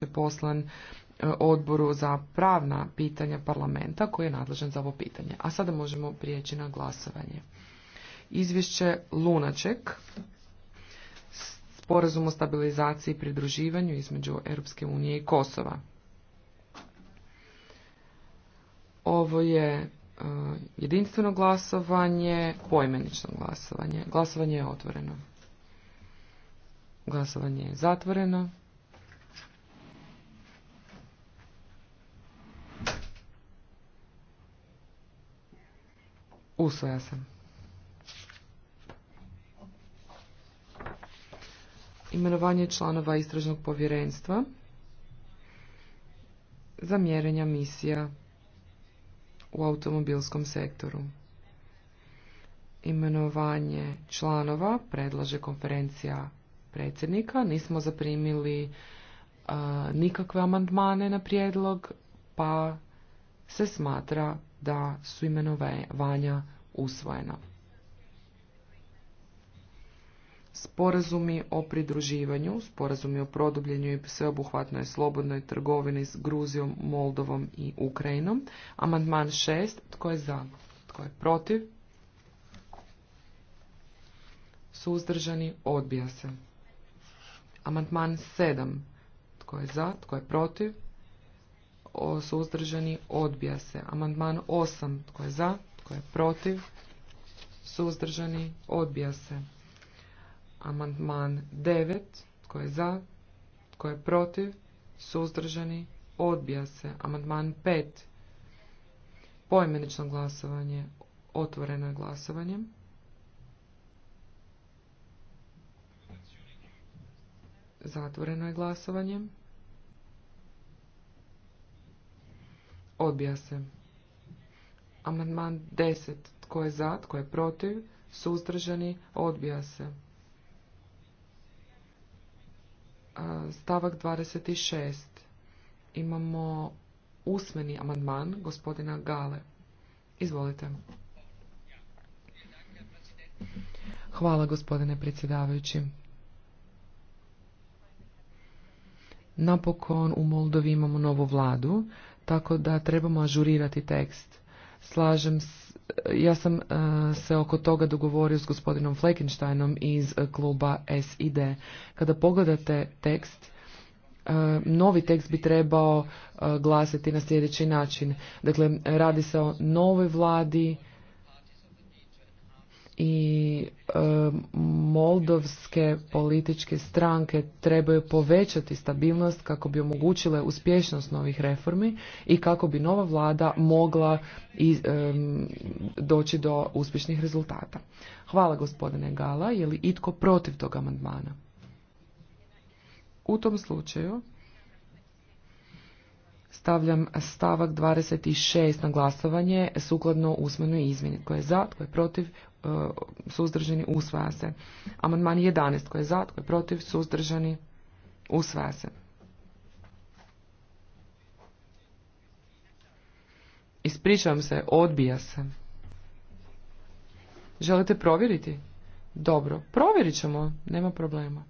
je poslan e, odboru za pravna pitanja parlamenta koji je nadležan za ovo pitanje. A sada možemo prijeći na glasovanje. Izvješće Lunaček sporazum o stabilizaciji i pridruživanju između Europske unije i Kosova. Ovo je e, jedinstveno glasovanje, poimenično glasovanje. Glasovanje je otvoreno. Glasovanje je zatvoreno. Usvoja Imenovanje članova istražnog povjerenstva za mjerenja misija u automobilskom sektoru. Imenovanje članova predlaže konferencija predsjednika. Nismo zaprimili e, nikakve amandmane na prijedlog, pa se smatra da su imenovanja usvojeno. Sporazumi o pridruživanju, sporazumi o produbljenju i sveobuhvatnoj slobodnoj trgovini s Gruzijom, Moldovom i Ukrajinom. Amandman 6. Tko je za? Tko je protiv? Suzdržani odbija se. Amandman 7. Tko je za? Tko je protiv? suzdržani odbija se. Amandman 8. Tko je za? Tko je protiv? Suzdržani? Odbija se. Amandman 9. Tko je za? Tko je protiv? Suzdržani? Odbija se. Amandman 5. Poimenično glasovanje. Otvoreno je glasovanje. Zatvoreno je glasovanje. Odbija se. Amandman 10. Tko je za, tko je protiv, suzdržani, odbija se. Stavak 26. Imamo usmeni amandman gospodina Gale. Izvolite. Hvala gospodine predsjedavajući. Napokon u Moldovi imamo novu vladu, tako da trebamo ažurirati tekst slažem ja sam e, se oko toga dogovorio s gospodinom Fleckensteinom iz e, kluba SID. Kada pogledate tekst, e, novi tekst bi trebao glasiti na sljedeći način. Dakle, radi se o novoj vladi, i e, moldovske političke stranke trebaju povećati stabilnost kako bi omogućile uspješnost novih reformi i kako bi nova vlada mogla e, doći do uspješnih rezultata. Hvala gospodine Gala, je li itko protiv tog amandmana? U tom slučaju Stavljam stavak 26 na glasovanje sukladno usmenoj izmjeni. Tko je za, tko je protiv, e, suzdržani, usvaja se. Amandman 11. Tko je za, tko je protiv, suzdržani, usvaja se. Ispričavam se, odbija se. Želite provjeriti? Dobro, provjerit ćemo, nema problema.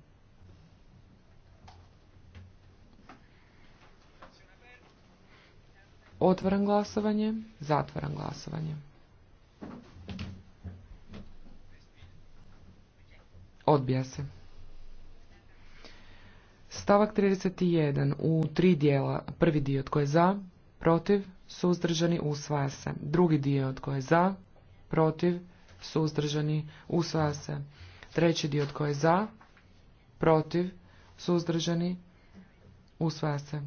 Otvaram glasovanje, zatvaram glasovanje. Odbija se. Stavak 31 u tri dijela. Prvi dio tko je za, protiv, suzdržani, usvaja se. Drugi dio tko je za, protiv, suzdržani, usvaja se. Treći dio tko je za, protiv, suzdržani, usvaja se.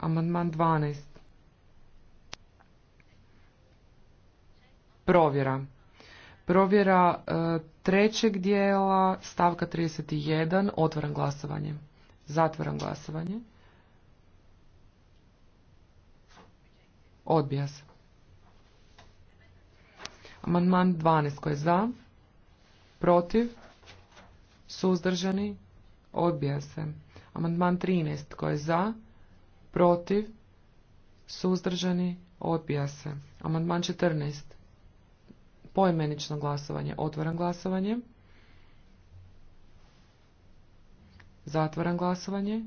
Amandman 12. Provjera. Provjera e, trećeg dijela stavka 31. Otvaram glasovanje. Zatvaram glasovanje. Odbija se. Amandman 12 koji je za, protiv, suzdržani, odbija se. Amandman 13 koji je za, protiv, suzdržani, odbija se. Amandman 14. Poimenično glasovanje. Otvoran glasovanje. Zatvoran glasovanje.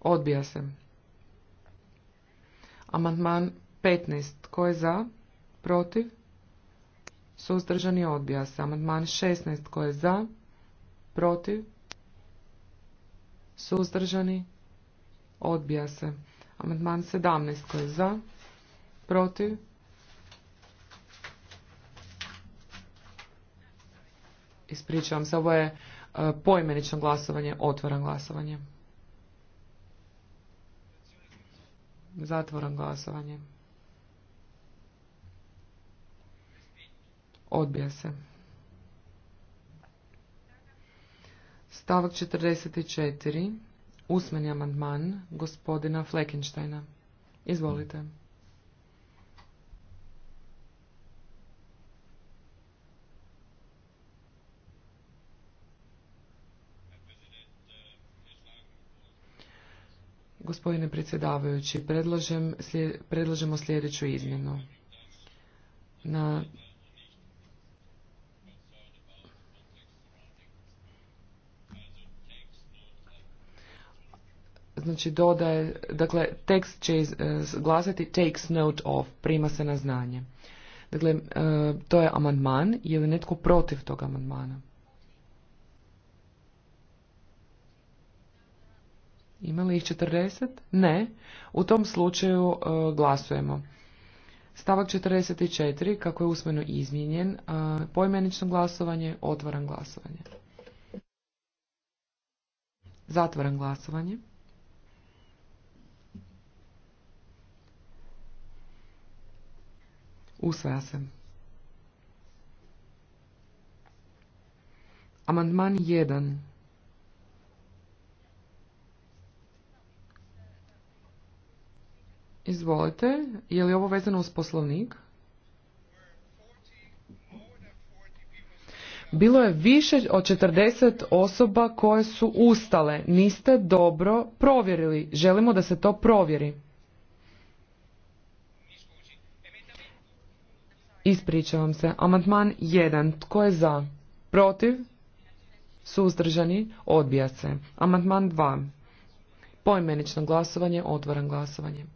Odbija se. Amandman 15. Tko je za? Protiv? Suzdržani odbija se. Amandman 16. Tko je za? Protiv? suzdržani, odbija se. Amandman 17 koji je za, protiv, ispričavam se, ovo je e, poimenično glasovanje, otvoran glasovanje. Zatvoran glasovanje. Odbija se. Stavak 44. Usmeni amandman gospodina Fleckensteina. Izvolite. Gospodine predsjedavajući, predlažemo sljedeću izmjenu. Na znači dodaje, dakle tekst će e, glasati takes note of, prima se na znanje. Dakle, e, to je amandman, je li netko protiv tog amandmana? Ima li ih 40? Ne. U tom slučaju e, glasujemo. Stavak 44, kako je usmeno izmijenjen, poimenično glasovanje, otvaram glasovanje. Zatvaram glasovanje. Usvaja se. Amandman 1. Izvolite, je li ovo vezano uz poslovnik? Bilo je više od 40 osoba koje su ustale. Niste dobro provjerili. Želimo da se to provjeri. Ispričavam se. Amandman 1. Tko je za? Protiv? Suzdržani? Odbija se. Amandman 2. Poimenično glasovanje. Otvoran glasovanje.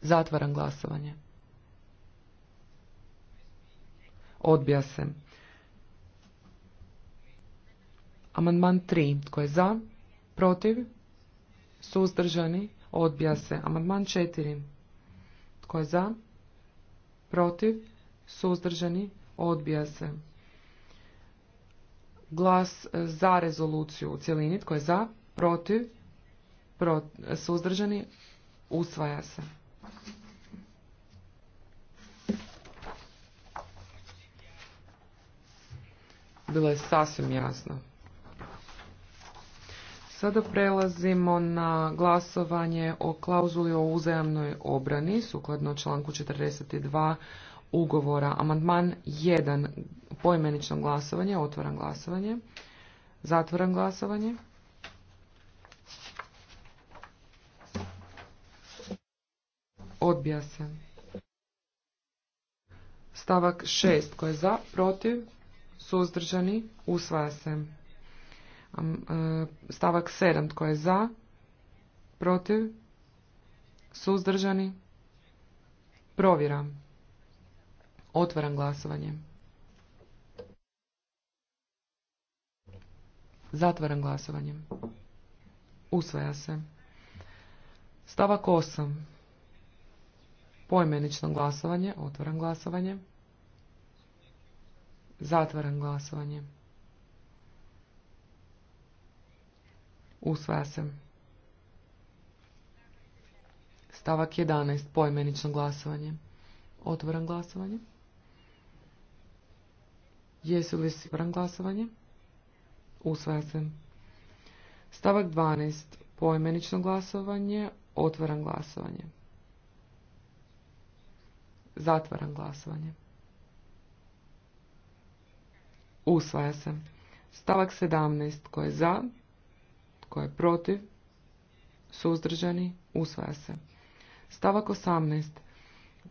Zatvaram glasovanje. Odbija se. Amandman 3. Tko je za? Protiv? Suzdržani? Odbija se. Amandman četiri, Tko je za? Protiv? Suzdržani? Odbija se. Glas e, za rezoluciju u cjelini. Tko je za? Protiv? E, suzdržani? Usvaja se. Bilo je sasvim jasno. Sada prelazimo na glasovanje o klauzuli o uzajamnoj obrani, sukladno članku 42 ugovora. Amandman 1, poimenično glasovanje, otvoran glasovanje, zatvoran glasovanje. Odbija se. Stavak 6, koji je za, protiv, suzdržani, usvaja se. E, stavak 7. Tko je za? Protiv? Suzdržani? Provjera. Otvaram glasovanje. Zatvaram glasovanje. Usvaja se. Stavak 8. Poimenično glasovanje. Otvaram glasovanje. Zatvaram glasovanje. Usvaja se. Stavak 11. Poimenično glasovanje. Otvoran glasovanje. Jesu li siguran glasovanje? Usvaja se. Stavak 12. Poimenično glasovanje. Otvoran glasovanje. Zatvaram glasovanje. Usvaja se. Stavak 17. Ko je za, tko je protiv? Suzdržani? Usvaja se. Stavak 18.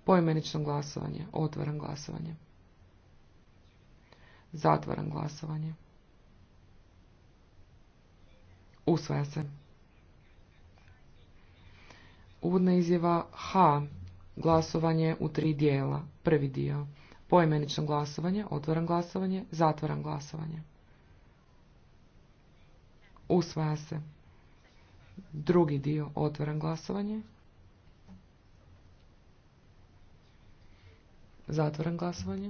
Poimenično glasovanje. Otvaram glasovanje. Zatvaram glasovanje. Usvaja se. Uvodna izjava H. Glasovanje u tri dijela. Prvi dio. Poimenično glasovanje. Otvoran glasovanje. Zatvaram glasovanje. Usvaja se. Drugi dio. Otvaram glasovanje. Zatvaram glasovanje.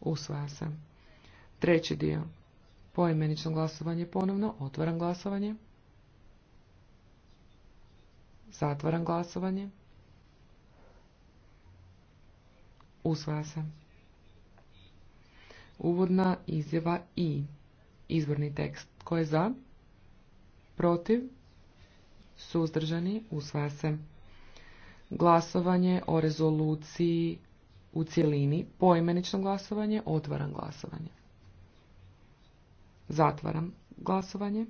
Usvaja se. Treći dio. Poimenično glasovanje ponovno. Otvaram glasovanje. Zatvaram glasovanje. Usvaja se. Uvodna izjava I izvorni tekst. Tko je za? Protiv? Suzdržani? Usvaja se. Glasovanje o rezoluciji u cjelini. Poimenično glasovanje. Otvaram glasovanje. Zatvaram glasovanje.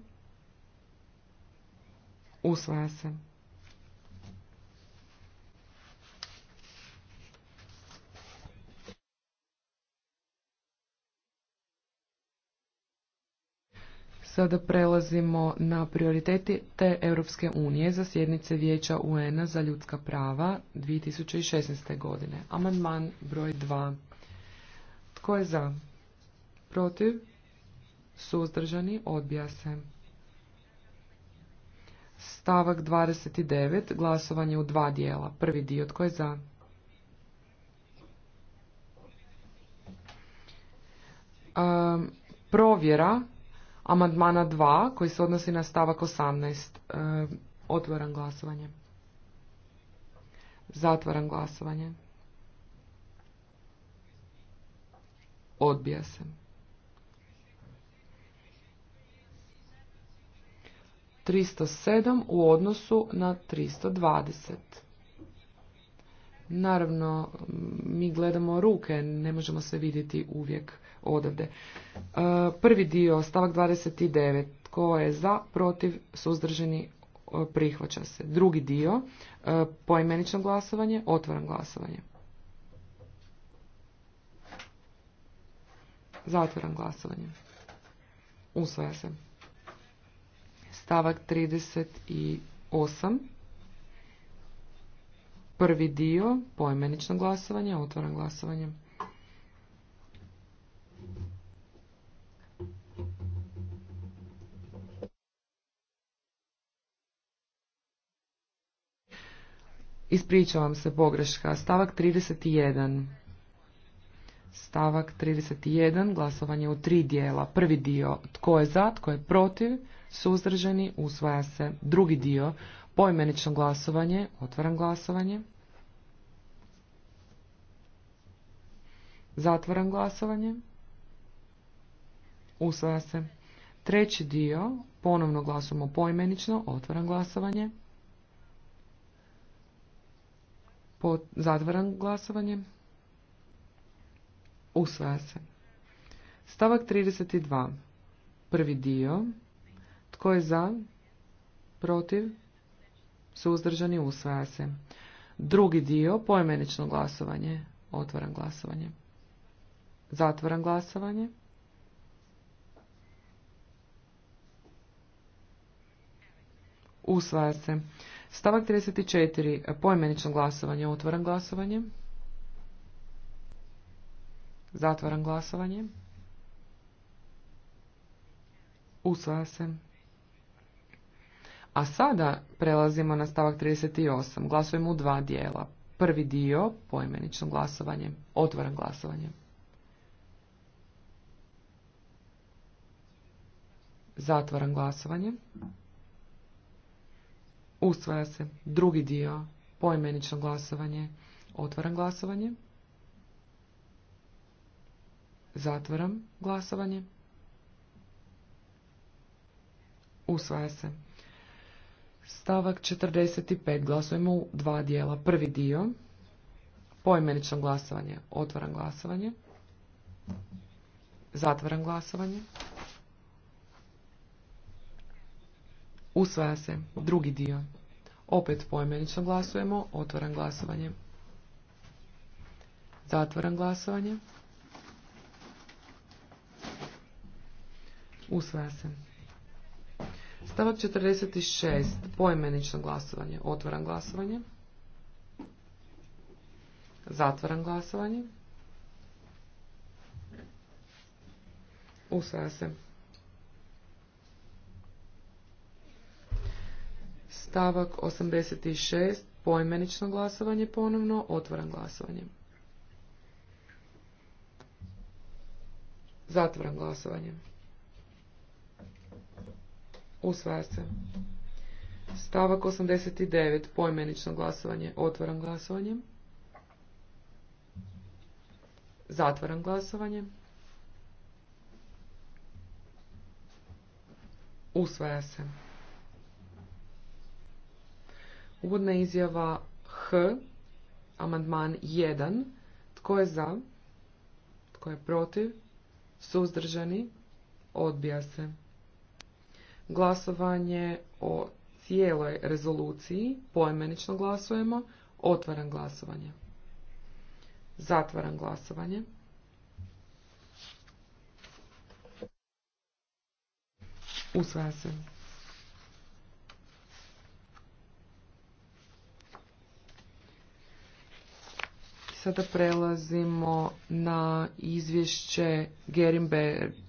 Usvaja se. Sada prelazimo na prioriteti te Europske unije za sjednice Vijeća UN-a za ljudska prava 2016. godine. Amandman broj 2. Tko je za? Protiv? Suzdržani? Odbija se. Stavak 29. Glasovanje u dva dijela. Prvi dio. Tko je za? provjera amandmana 2 koji se odnosi na stavak 18. E, otvaram glasovanje. Zatvaram glasovanje. Odbija se. 307 u odnosu na 320. Naravno, mi gledamo ruke, ne možemo se vidjeti uvijek odavde. E, prvi dio, stavak 29. Tko je za, protiv, suzdržani, e, prihvaća se. Drugi dio, e, poimenično glasovanje, otvoran glasovanje. Zatvoran glasovanje. Usvaja se. Stavak 38. Prvi dio, poimenično glasovanje, otvoran glasovanje. Ispričavam se pogreška. Stavak 31. Stavak 31. Glasovanje u tri dijela. Prvi dio tko je za, tko je protiv, suzdržani, usvaja se. Drugi dio poimenično glasovanje, otvaram glasovanje. Zatvaram glasovanje. Usvaja se. Treći dio, ponovno glasujemo poimenično, otvaram glasovanje. po zatvaram glasovanje. Usvaja se. Stavak 32. Prvi dio. Tko je za? Protiv? Suzdržani usvaja se. Drugi dio, poimenično glasovanje. Otvoran glasovanje. Zatvaram glasovanje. Usvaja se. Stavak 34. Poimenično glasovanje. otvoran glasovanje. Zatvaram glasovanje. Usvaja se. A sada prelazimo na stavak 38. Glasujemo u dva dijela. Prvi dio, poimenično glasovanje. otvoran glasovanje. Zatvoran glasovanje. Usvaja se. Drugi dio. Poimenično glasovanje. Otvaram glasovanje. Zatvaram glasovanje. Usvaja se. Stavak 45. Glasujemo u dva dijela. Prvi dio. Poimenično glasovanje. Otvaram glasovanje. Zatvaram glasovanje. Usvaja se. Drugi dio. Opet poimenično glasujemo. Otvaram glasovanje. Zatvaram glasovanje. Usvaja se. Stavak 46. Poimenično glasovanje. Otvaram glasovanje. Zatvaram glasovanje. Usvaja se. stavak 86, Pojmenično glasovanje ponovno, otvoran glasovanje. Zatvoran glasovanje. Usvaja se. Stavak 89, Pojmenično glasovanje, otvoran glasovanje. Zatvoran glasovanje. Usvaja se. Uvodna izjava H, amandman 1. Tko je za? Tko je protiv? Suzdržani? Odbija se. Glasovanje o cijeloj rezoluciji, poimenično glasujemo, otvaram glasovanje. Zatvaram glasovanje. Usvaja se. Sada prelazimo na izvješće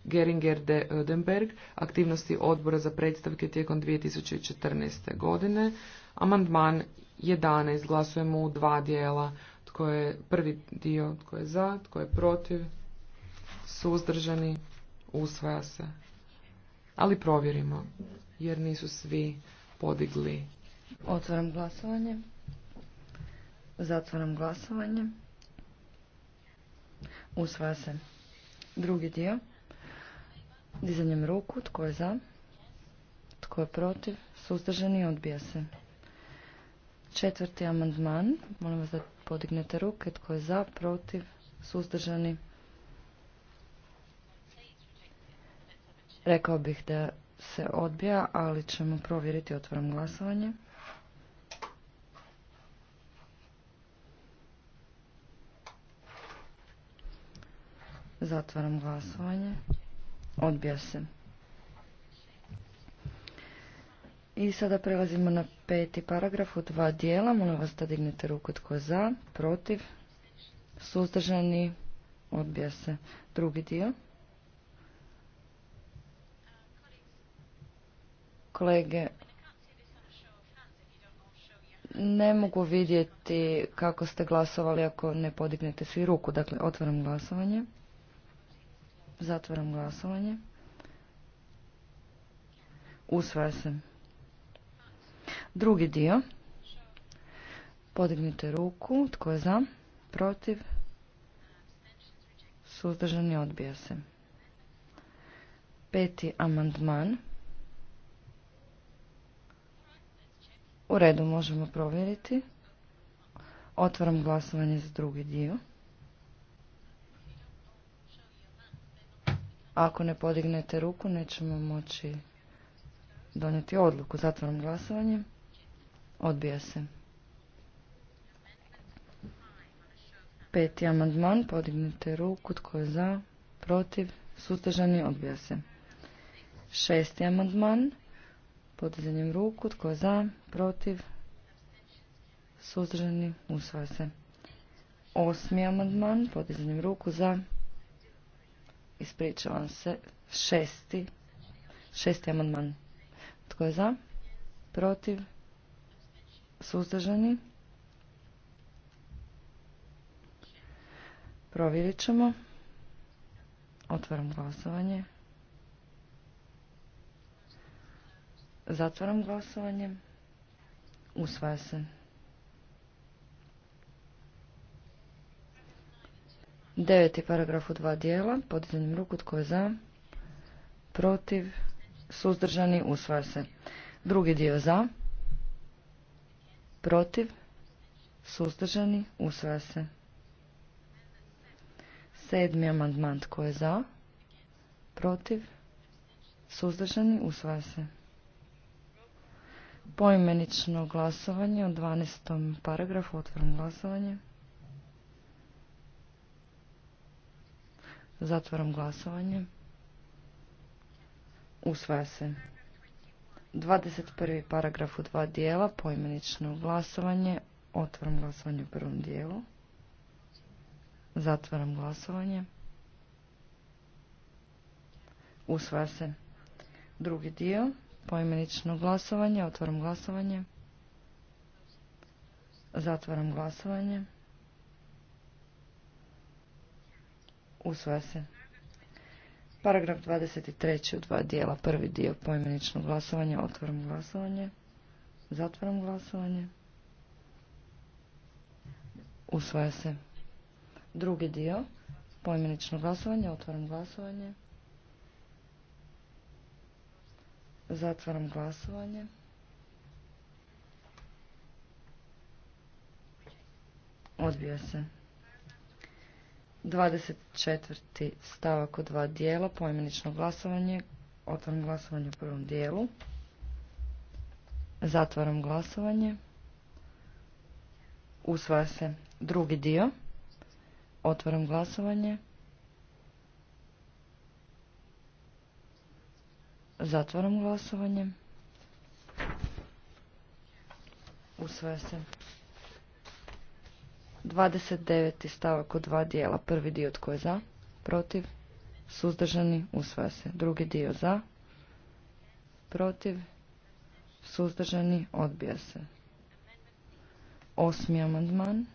Geringer de Odenberg, aktivnosti odbora za predstavke tijekom 2014. godine. Amandman 11. Glasujemo u dva dijela. Tko je prvi dio, tko je za, tko je protiv, suzdržani, usvaja se. Ali provjerimo, jer nisu svi podigli. Otvaram glasovanje. Zatvaram glasovanje. Usvaja se. Drugi dio. Dizanjem ruku. Tko je za? Tko je protiv? Suzdržani odbija se. Četvrti amandman. Molim vas da podignete ruke. Tko je za? Protiv? Suzdržani? Rekao bih da se odbija, ali ćemo provjeriti. otvorom glasovanje. Zatvaram glasovanje. Odbija se. I sada prelazimo na peti paragraf u dva dijela. Molim vas da dignete ruku tko je za, protiv, suzdržani, odbija se. Drugi dio. Kolege, ne mogu vidjeti kako ste glasovali ako ne podignete svi ruku. Dakle, otvaram glasovanje. Zatvaram glasovanje. Usvaja se. Drugi dio. Podignite ruku. Tko je za? Protiv? Suzdržani odbija se. Peti amandman. U redu možemo provjeriti. Otvaram glasovanje za drugi dio. Ako ne podignete ruku, nećemo moći donijeti odluku. Zatvaram glasovanje. Odbija se. Peti amandman, podignite ruku, tko je za, protiv, suzdržani, odbija se. Šesti amandman, podizanjem ruku, tko je za, protiv, suzdržani, usvaja se. Osmi amandman, podizanjem ruku, za, Ispričavam se. Šesti. Šesti amandman. Tko je za? Protiv? Suzdržani? Provjerit ćemo. Otvaram glasovanje. Zatvaram glasovanje. Usvaja se. Deveti paragraf u dva dijela. Podizanjem ruku tko je za? Protiv? Suzdržani? Usvaja se. Drugi dio za? Protiv? Suzdržani? Usvaja se. Sedmi amandman tko je za? Protiv? Suzdržani? Usvaja se. Poimenično glasovanje o 12. paragrafu. Otvorim glasovanje. Zatvaram glasovanje. Usvaja se. 21. paragraf u dva dijela, poimenično glasovanje. Otvaram glasovanje u prvom dijelu. Zatvaram glasovanje. Usvaja se. Drugi dio, poimenično glasovanje. Otvaram glasovanje. Zatvaram glasovanje. Usvaja se. Paragraf 23. u dva dijela. Prvi dio poimenično glasovanje. otvorom glasovanje. Zatvaram glasovanje. Usvaja se. Drugi dio. Poimenično glasovanje. Otvaram glasovanje. Zatvaram glasovanje. Odbija se. 24. stavak u dva dijela, poimenično glasovanje, otvaram glasovanje u prvom dijelu, zatvaram glasovanje, usvaja se drugi dio, otvaram glasovanje, zatvaram glasovanje, usvaja se 29. stavak od dva dijela. Prvi dio tko je za, protiv, suzdržani, usvaja se. Drugi dio za, protiv, suzdržani, odbija se. Osmi amandman.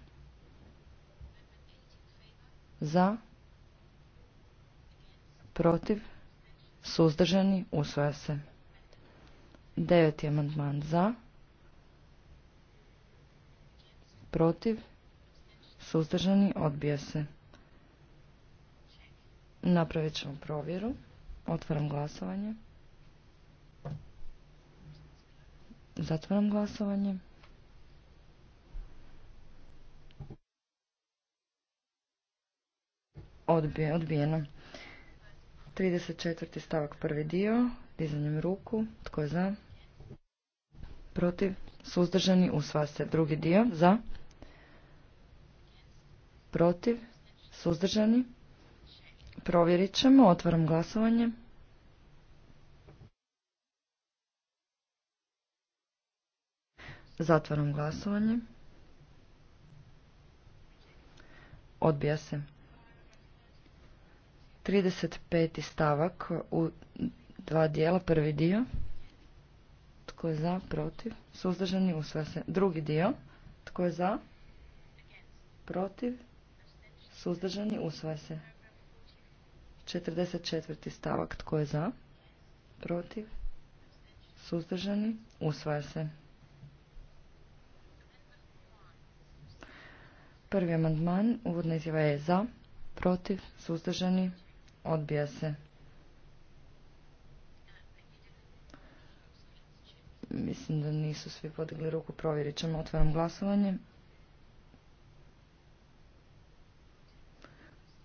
Za, protiv, suzdržani, usvaja se. Deveti amandman za, protiv, Suzdržani? Odbija se. Napravit ćemo provjeru. Otvaram glasovanje. Zatvaram glasovanje. Odbije, odbijeno. 34. stavak prvi dio. Dizanjem ruku. Tko je za? Protiv. Suzdržani. Usva se drugi dio. Za protiv, suzdržani. Provjerit ćemo, otvaram glasovanje. Zatvaram glasovanje. Odbija se. 35. stavak u dva dijela. Prvi dio. Tko je za, protiv, suzdržani, usvaja se. Drugi dio. Tko je za, protiv, Suzdržani usvaja se. 44. stavak. Tko je za? Protiv? Suzdržani usvaja se. Prvi amandman. Uvodna izjava je za. Protiv? Suzdržani odbija se. Mislim da nisu svi podigli ruku. Provjerit ćemo. Otvaram glasovanje.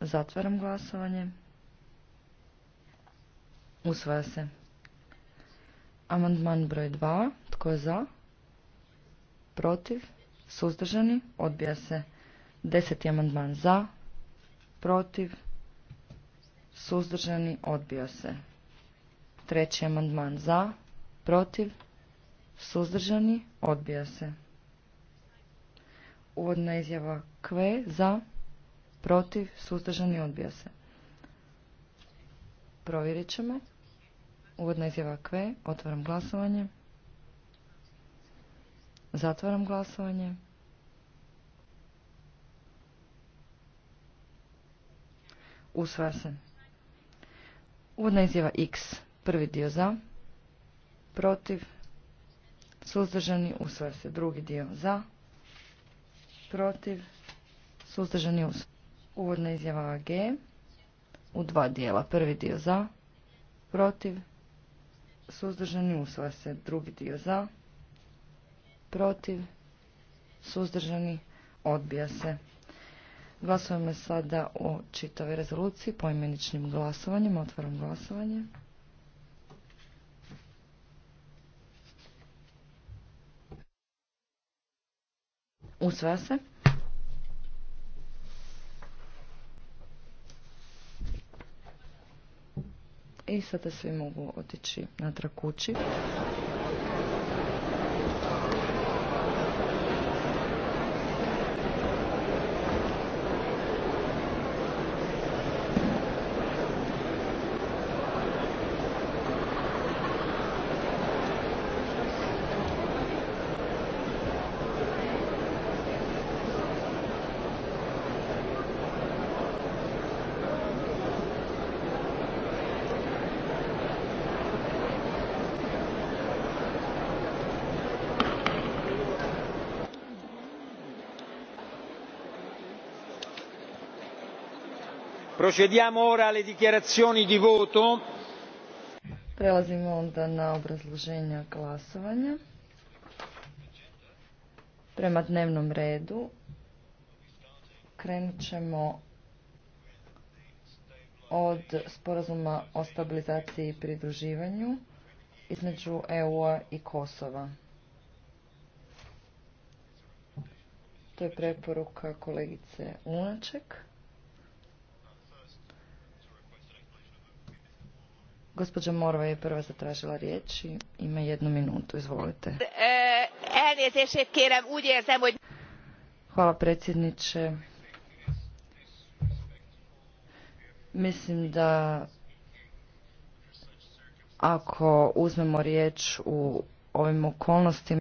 Zatvaram glasovanje. Usvaja se. Amandman broj 2. Tko je za? Protiv? Suzdržani? Odbija se. Deseti amandman za? Protiv? Suzdržani? Odbija se. Treći amandman za? Protiv? Suzdržani? Odbija se. Uvodna izjava kve za? protiv, suzdržani, odbija se. Provjerit ćemo. Uvodna izjava Q. Otvaram glasovanje. Zatvaram glasovanje. Usvaja se. Uvodna izjava X. Prvi dio za. Protiv. Suzdržani. Usvaja se. Drugi dio za. Protiv. Suzdržani. Usvaja Uvodna izjava G u dva dijela. Prvi dio za, protiv, suzdržani usvaja se. Drugi dio za, protiv, suzdržani odbija se. Glasujemo sada o čitavoj rezoluciji poimeničnim glasovanjem. Otvaram glasovanje. Usvoja se. i sada svi mogu otići natrag kući. Procediamo ora alle dichiarazioni di voto. Prelazimo onda na obrazloženja glasovanja. Prema dnevnom redu krenut ćemo od sporazuma o stabilizaciji i pridruživanju između EU-a i Kosova. To je preporuka kolegice Unaček. Gospođa Morva je prva zatražila riječ ima jednu minutu. Izvolite. E, Hvala predsjedniče. Mislim da ako uzmemo riječ u ovim okolnostima